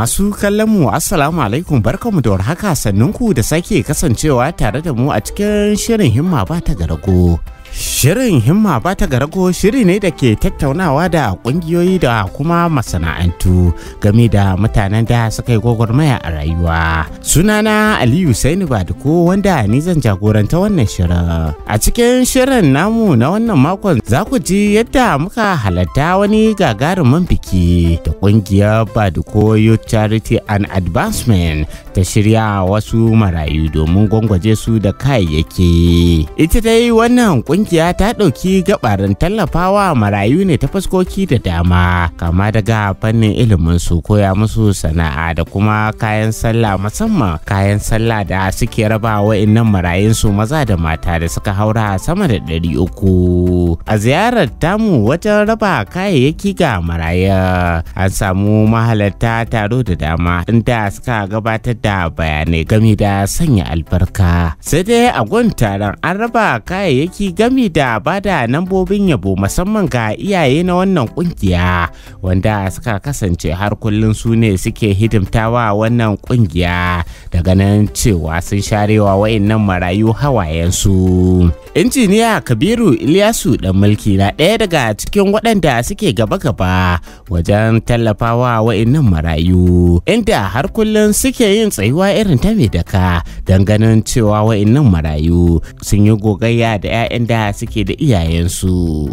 Masu kallon mu Assalamu alaikum barkanmu da warhaka sannunku da sake kasancewa tare da mu a cikin shirin himma ba ta garago. Shirin himma ba ta garago shiri ne da ke tattaunawa da kungiyoyi da kuma masana'antu game da mutanen da suka yi gwagwarmaya a rayuwa. Sunana Aliyu Saini Baduko wanda ni zan jagoranta wannan shirin. A cikin shirin namu na wannan makon za ku ji yadda muka halatta wani gagarumin biki da kungiyar Baduko Youth Charity and Advancement ta shirya wasu marayu domin gwangwaje su da kayayyaki. Ita dai wannan Ƙungiya ta ɗauki gabarin tallafawa marayu ne ta fuskoki da dama, kama daga fannin ilimin su koya musu sana'a da kuma kayan sallah musamman kayan sallah da suke raba wa'innan marayun su maza da mata da suka haura sama da ɗari uku. A ziyarar tamu wajen raba kayayyaki ga maraya an samu mahalarta taro da dama inda suka gabatar da bayanai game da sanya albarka. Sai dai a gwan taron an raba kayayyaki game gami da bada nambobin yabo musamman ga iyaye na wannan kungiya wanda suka kasance har kullum su ne suke hidimtawa wannan kungiya daga nan cewa sun sharewa wayannan marayu hawayensu injiniya kabiru ilyasu dan mulki na ɗaya daga cikin waɗanda suke gaba-gaba wajen tallafawa wayannan marayu inda har kullum suke yin tsayuwa irin ta mai daka don ganin cewa wayannan marayu sun yi gogayya da 'ya'yan da suke da iyayensu.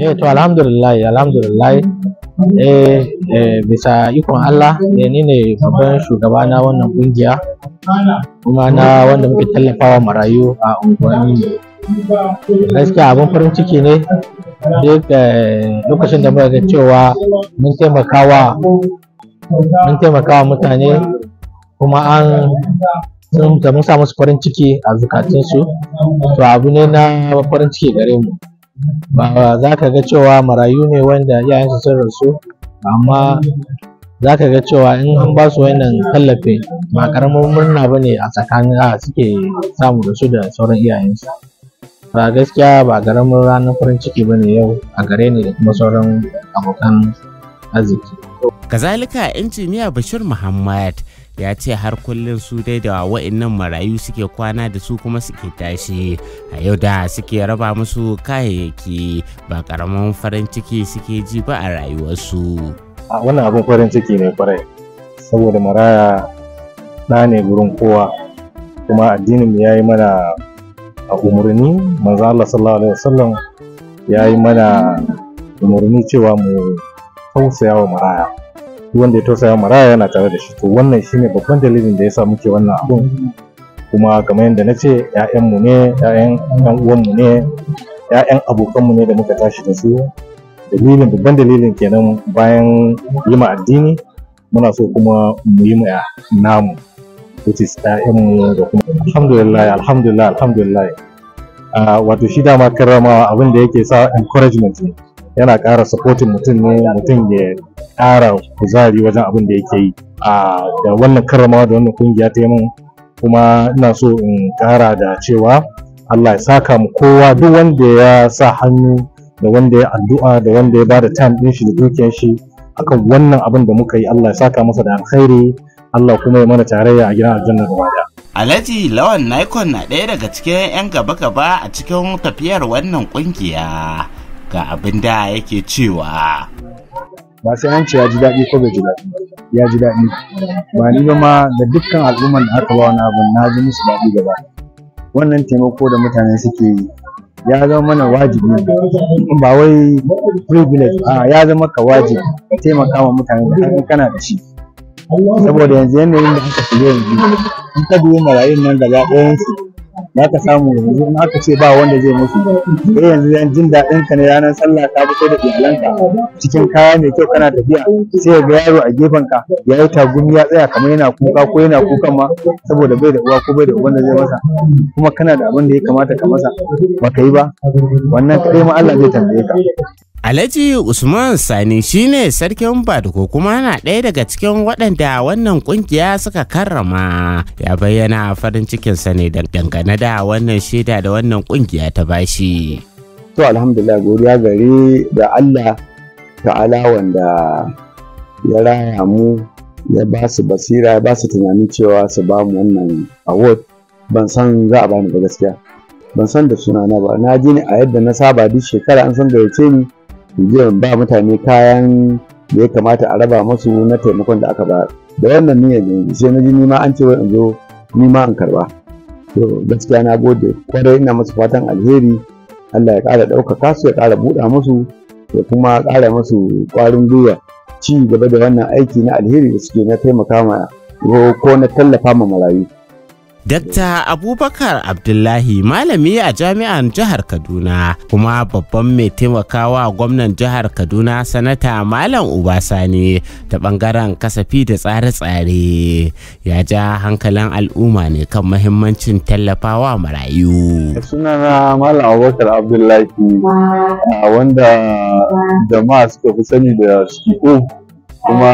Eh to alhamdulillah alhamdulillah eh, eh bisa ikon Allah eh ni ne babban shugaba na wannan kungiya kuma na wanda muke tallafawa marayu a unguwanni. Gaskiya abin farin ciki ne duk lokacin da muka ga cewa mun taimakawa mun taimakawa mutane kuma an sun ta musa musu farin ciki a zukatunsu to abu ne na farin ciki gare mu ba za ka ga cewa marayu ne wanda iyayensu sun rasu amma za ka ga cewa in an ba su wannan tallafi ba karamin murna ba ne a tsakanin a suke samu da su da sauran iyayensu ba gaskiya ba karamin ranar farin ciki ba ne yau a gare ni da kuma sauran abokan arziki kazalika injiniya bashir muhammad ya ce har kullum su dai da wa'annan marayu suke kwana da su kuma suke tashi a yau da suke raba musu kayayyaki ba karamin farin ciki suke ji ba a rayuwarsu a wannan abin farin ciki ne kwarai saboda maraya ɗa ne gurin kowa kuma addinin ya yi mana a umarni manzo Allah sallallahu alaihi wasallam ya yi mana umarni cewa mu tausaya wa maraya duk wanda ya tausaya maraya yana tare da shi to wannan shine babban dalilin da ya sa muke wannan abun kuma kamar yadda na ce 'ya'yanmu ne 'ya'yan ɗan uwanmu ne 'ya'yan abokanmu ne da muka tashi da su dalilin babban dalilin kenan bayan yi ma addini muna so kuma mu yi ma namu which is mu da kuma alhamdulillah alhamdulillah alhamdulillah ah, wato shi ma karrama abin da yake sa encouragement ne yana ƙara supporting mutum ne mutum ya ƙara kuzari wajen abin da yake yi a da wannan karrama da wannan kungiya ta min kuma ina so in ƙara da cewa Allah ya saka mu kowa duk wanda ya sa hannu da wanda ya addu'a da wanda ya bada time ɗin shi da dukiyar shi akan wannan abin da muka yi Allah ya saka masa da alkhairi Allah kuma ya mana tarayya a gidan aljanna gaba Alhaji Lawan Nikon na ɗaya daga cikin 'yan gaba-gaba a cikin tafiyar wannan ƙungiya. ga abin da yake cewa ba sai an ce ya ji daɗi ko bai ji daɗi ya ji daɗi ba ni ba ma da dukkan al'umman da aka ba wani abin na ji musu daɗi gaba wannan taimako da mutane suke yi ya zama mana wajibi ba wai privilege a ya zama ka wajibi taimaka wa mutane da hannun kana da shi saboda yanzu yanayin da aka fi yanzu in ka biyo marayun nan da ɗayan su za samu yanzu in aka ce ba wanda zai musu sai yanzu yan jin daɗin ka ne ranar sallah ka fito da iyalanka cikin kaya mai kyau kana tafiya sai ga yaro a gefen ka ya yi tagumi ya tsaya kamar yana kuka ko yana kukan ma saboda bai da uwa ko bai da uban da zai masa kuma kana da abin da ya kamata ka masa baka yi ba wannan kaɗai ma Allah zai tambaye ka Alhaji Usman Sani shine sarkin ko kuma yana ɗaya daga cikin waɗanda wannan kungiya suka karrama. Ya bayyana farin cikinsa ne dangane da wannan shaida da wannan kungiya ta bashi. To alhamdulillah godiya gare da Allah ta'ala wanda ya raya mu ya ba su basira ya ba su tunanin cewa su ba mu wannan award ban san za a ba mu da gaskiya ban san da sunana ba na ji ni a yadda na saba duk shekara an san gayyace ni zai ba mutane kayan da ya kamata a raba masu na taimakon da aka ba da wannan niyyar ne sai na ji nima an ce wai in zo nima in karba to gaskiya na gode kwarai ina musu fatan alheri Allah ya ƙara ɗaukaka su ya ƙara buɗa musu ya kuma ƙara masu ƙwarin gwiwa ci gaba da wannan aiki na alheri da suke na taimaka ma ko na tallafa ma marayu Dr. Abubakar Abdullahi malami a jami'an jihar Kaduna kuma babban mai taimakawa gwamnan jihar Kaduna sanata Malam Ubasani ta bangaren kasafi da tsare-tsare ya ja hankalin al'umma ne kan mahimmancin tallafawa marayu. Sunana Malam Abubakar Abdullahi wanda jama'a suka fi sani da shiku kuma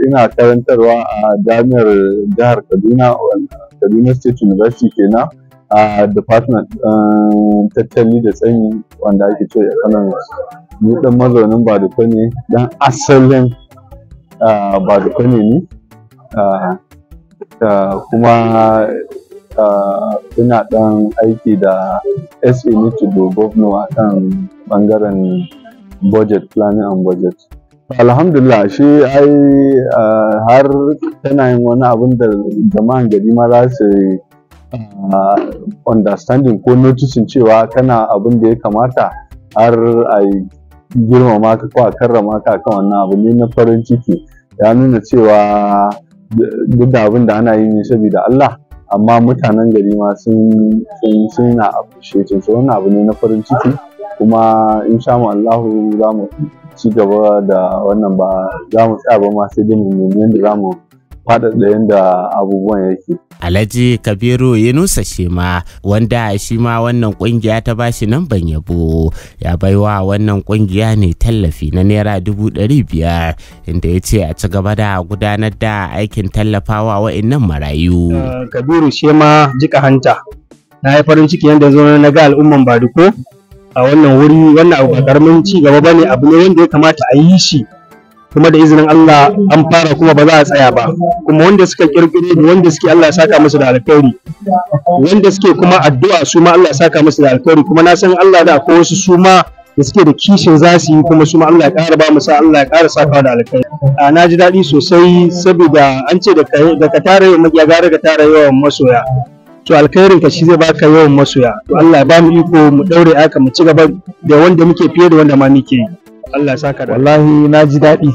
ina karantarwa a jami'ar jihar Kaduna kaduna state university kenan a department ɗin tattali da tsayi wanda ake ce economics ni ɗan mazaunin da kwane ɗan asalin ba da ne ni kuma ina ɗan aiki da sa ne do governor a kan ɓangaren budget planning and budget alhamdulillah shi ai har tana yin wani abin da jama'an gari ma za su understanding ko noticing cewa kana abin da ya kamata har a girmama ka ko a karrama ka kan wannan abu ne na farin ciki ya nuna cewa duk da abin da ana yi ne saboda Allah amma mutanen gari ma sun sun na appreciating so wannan abu ne na farin ciki kuma insha Allah za mu ci gaba da wannan ba za mu tsaya ba masu jin mu za mu faɗaɗa yadda abubuwan yake. Alhaji Kabiru ya nusa Shema wanda shi ma wannan kungiya ta bashi nan ban yabo ya baiwa wannan kungiya ne tallafi na naira dubu ɗari biyar inda ya ce a ci gaba da gudanar da aikin tallafawa wa'innan marayu. Uh, Kabiru Shema jika hanta na yi farin ciki yadda zo na ga al'umman Baduko a wannan wuri wannan abu ba karamin ci gaba bane abu ne wanda ya kamata a yi shi kuma da izinin Allah an fara kuma ba za a tsaya ba kuma wanda suka kirkire ni, wanda suke Allah ya saka musu da alkhairi wanda suke kuma addu'a su ma Allah ya saka musu da alkhairi kuma na san Allah da akwai wasu su ma da suke da kishin za su yi kuma su ma Allah ya ƙara ba musu Allah ya ƙara saka da alkhairi a na ji daɗi sosai saboda an ce da ka tare ya gara ka tare yawan masoya to alkhairin ka shi zai baka yawan masoya to Allah ba mu iko mu daure aka mu ci gaba da wanda muke fiye da wanda ma muke Allah ya saka da wallahi na ji daɗi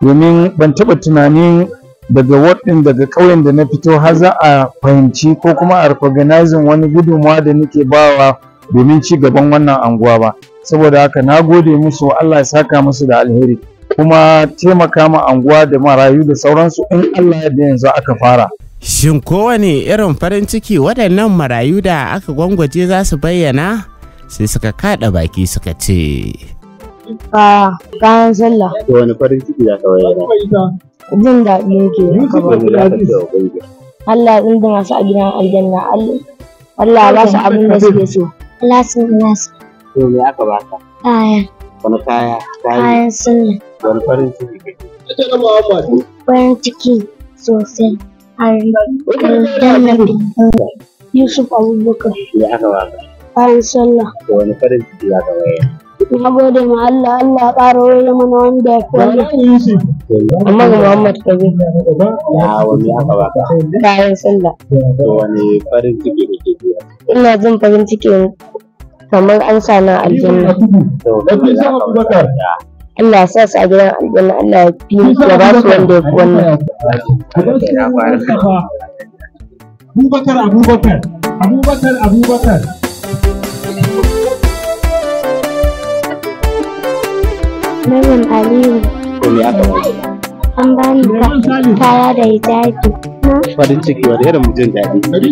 domin ban taɓa tunanin daga waɗin daga ƙauyen da na fito har za a fahimci ko kuma a recognizing wani gudunmawa da nake bawa domin ci gaban wannan anguwa ba saboda haka na gode musu Allah ya saka musu da alheri kuma taimaka ma anguwa da marayu da sauransu in Allah ya da yanzu aka fara Shin kowane irin farin ciki waɗannan marayu da aka gwangwaje za su bayyana? Sai suka kaɗa baki suka ce. Bayan sallah. Da wani farin ciki za ka bayyana? Jin daɗi yake yake Allah ɗin da masu a gidan aljanna Allah ba su abin da suke so. Allah su ba su. To me aka baka? Kaya. Wani kaya? Kayan sallah. Wani farin ciki kake? Farin ciki sosai. Yusuf Abubakar. Ya aka Bayan sallah. Wani farin ciki Na gode ma Allah, Allah ƙara wani mana wanda ya fi wani. Amma ga Muhammad ka zai da Ya wani aka Bayan sallah. Wani farin ciki ke biya. Ina jin farin ciki kamar an sa na aljanna. To, Allah ya sa su a gidan aljanna Allah ya fi ya ba su wanda ya fi wannan Abubakar Abubakar Abubakar Abubakar Aliyu An bani kaya da hijabi farin ciki da irin jin daɗi na ji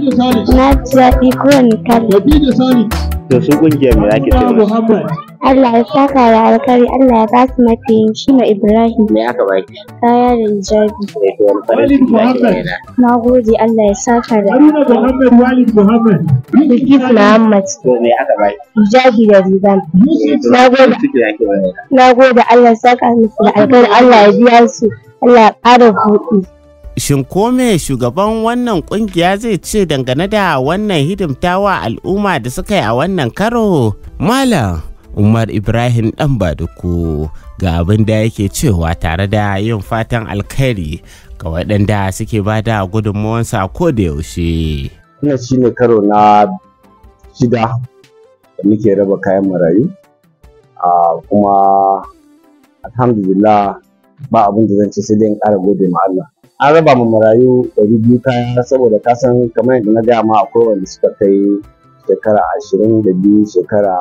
daɗi kowane kali Da su ƙungiyar mu zaki ce Allah ya saka da alkari Allah ya ba su yin shi ma Ibrahim me aka baki kaya da hijabi eh, na gode Allah ya saka da Bilkis Muhammad hijabi da riban eh, na gode Allah ya saka da alkari Allah ya biya su Allah ya ƙara Shin ko kome shugaban wannan kungiya zai ce dangane da wannan hidimtawa al'umma da suka yi a wannan karo? Malam Umar Ibrahim ɗan Baduku ga abin da yake cewa tare da yin fatan alkhairi ga waɗanda suke ba da gudunmawansa ko da yaushe. Wannan shi ne karo na shida da muke raba kayan marayu. kuma alhamdulillah ba abin da zan ce sai dai in ƙara gode ma Allah an raba mu marayu ɗari biyu kaya saboda ka san kamar yadda na gaya ma akwai wanda suka kai shekara ashirin da biyu shekara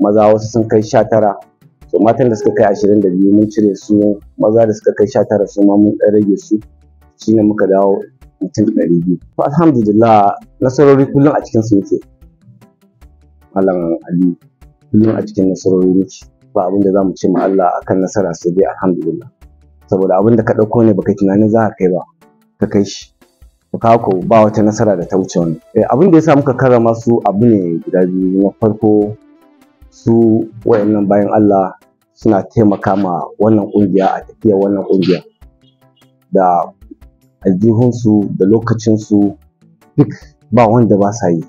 maza wasu sun kai sha tara to matan da suka kai ashirin da biyu mun cire su maza da suka kai sha tara su ma mun ɗan rage su shine muka dawo mutum ɗari biyu to alhamdulillah nasarori kullum a cikin su yake malam ali kullum a cikin nasarori muke ba abin da za mu ce ma Allah akan nasara sai dai alhamdulillah saboda abin da ka ɗauko ne baka tunanin za ka kai ba ka kai shi kawo ba wata nasara da ta wuce wani eh, abin da ya sa muka karrama su abu ne guda biyu na farko su wayannan bayan Allah suna taimaka ma wannan kungiya a tafiya wannan kungiya da aljihunsu da lokacinsu duk ba wanda ba sa yi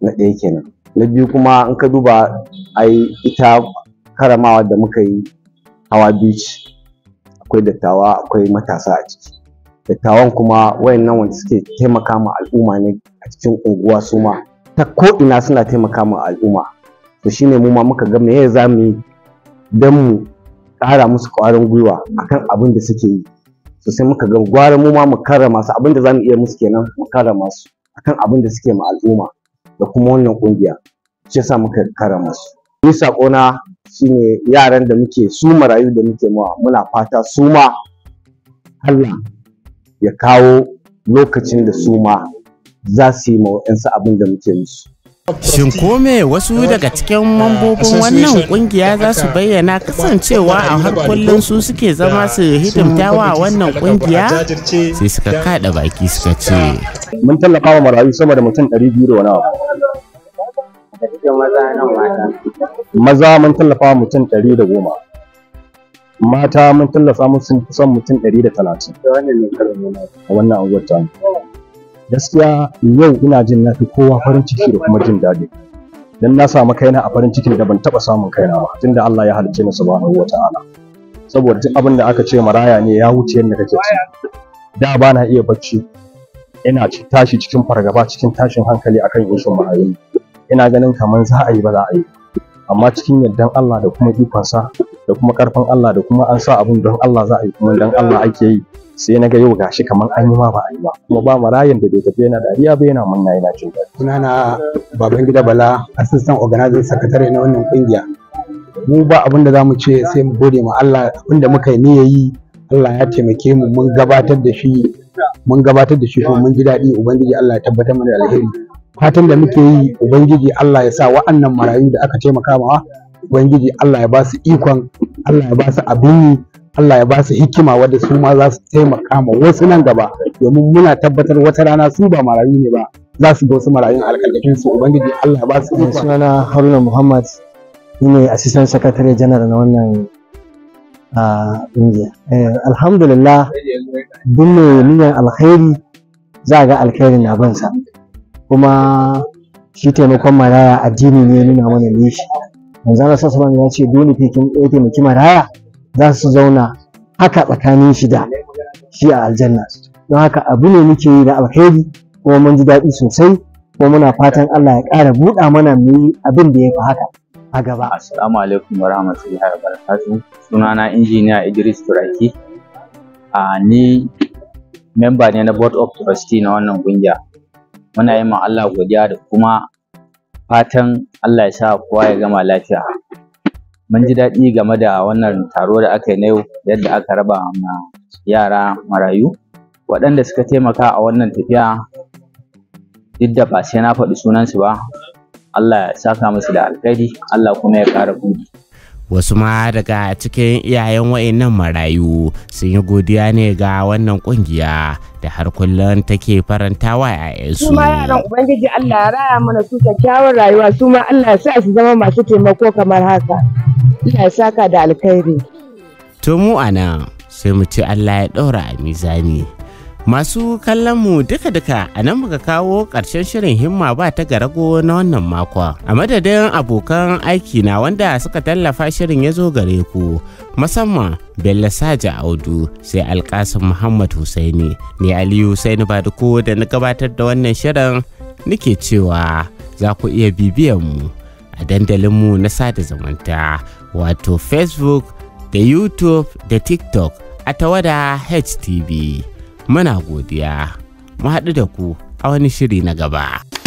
na ɗaya kenan na biyu kuma in ka duba ai ita karamawa da muka yi hawa biyu akwai dattawa akwai matasa a ciki dattawan kuma wayannan wanda suke taimaka ma al'umma ne a cikin unguwa su ma ta ko ina suna taimaka ma al'umma to shine mu ma muka ga meye za mu yi don mu ƙara musu ƙwarin gwiwa akan abin da suke yi to sai muka ga gwara mu ma mu karrama su abin da za mu iya musu kenan mu karrama su akan abin da suke ma al'umma da kuma wannan kungiya shi yasa muka karrama su ni na. shine yaran da muke su marayu da muke mawa muna fata su ma Allah ya kawo lokacin da su ma za su yi ma'o'insu abin da muke musu. Shin kome wasu daga cikin mambobin wannan kungiya za su bayyana kasancewa a har kullum su suke zama su hidimta wa wannan kungiya? Sai suka kada baki suka ce. Mun tallafa wa marayu sama da mutum ɗari biyu da wani abu. maza mun tallafa mutum ɗari da goma mata mun tallafa mutum kusan mutum ɗari da talatin a wannan anguwar gaskiya yau ina jin na fi kowa farin ciki da kuma jin daɗi dan na samu kaina a farin ciki da ban taɓa samun kaina ba tunda Allah ya halicce ni subhanahu wata'ala saboda duk abin da aka ce maraya ne ya wuce yadda kake ci da ba na iya bacci ina tashi cikin fargaba cikin tashin hankali akan yushin ma'ayi ina ganin kamar za a yi ba za a yi amma cikin yardan Allah da kuma ikonsa da kuma karfin Allah da kuma an sa abun don Allah za a yi kuma don Allah ake yi sai na ga yau gashi kamar an yi ma ba a yi ba kuma ba rayin da bai tafi yana dariya ba yana munna yana jin daɗi baban babangida bala assistant organizer secretary na wannan kungiya mu ba abin da zamu ce sai mu gode ma Allah abin da muka yi ne yayi Allah ya taimake mu mun gabatar da shi mun gabatar da shi mun ji daɗi ubangiji Allah ya tabbatar mana da alheri fatan da muke yi ubangiji Allah ya sa wa'annan marayu da aka taimaka mawa ubangiji Allah ya ba su ikon Allah ya ba su abin yi Allah ya ba su hikima wadda su ma za su taimaka ma wasu nan gaba domin muna tabbatar wata rana su ba marayu ne ba za su ga wasu marayun alƙalƙafin su ubangiji Allah ya ba su ikon sunana Haruna Muhammad ne assistant secretary general na wannan ƙungiya eh, alhamdulillah duk mai niyyar alkhairi za ga alkhairi na bansa kuma shi taimakon maraya addini ne nuna mana ne shi manzo Allah sallallahu ya ce dole fi kin ɗaya taimaki maraya za su zauna haka tsakanin shi da shi a aljanna don haka abu ne muke yi da alheri kuma mun ji daɗi sosai kuma muna fatan Allah ya ƙara buɗa mana mu yi abin da ya fi haka a gaba. Assalamu alaikum wa wabarakatuh Sunana injiniya Idris Turaki. A ah, ni memba ne na board of trustee na wannan kungiya. muna yi ma Allah godiya da kuma fatan Allah ya sa kowa ya gama lafiya mun ji daɗi game da wannan taro da aka yi na yau yadda aka raba ma yara marayu waɗanda suka taimaka a wannan tafiya duk da ba sai na faɗi sunansu ba Allah ya saka musu da alkhairi Allah kuma ya ƙara buɗi wasu ma daga cikin iyayen wa'annan marayu sun yi godiya ne ga wannan kungiya da har kullum take faranta wa 'ya'yansu. su ma yaran ubangiji allah ya raya mana su kyakkyawar rayuwa su ma allah ya sa su zama masu taimako kamar haka allah ya saka da alkhairi to mu a nan sai mu ci allah ya ɗaura a mizani Masu kallon mu duka-duka a nan muka kawo ƙarshen shirin himma ba ta garago na wannan makon. A madadin abokan aiki na wanda suka tallafa shirin ya zo gare ku, musamman Bello Saja Audu sai Alkasim Muhammad Husaini ne Aliyu Husaini Baduko da na gabatar da wannan shirin nike cewa za ku iya bibiyan mu a dandalin mu na sada zumunta wato Facebook da YouTube da TikTok a tawada HTV. Muna godiya, mu haɗu da ku a wani shiri na gaba.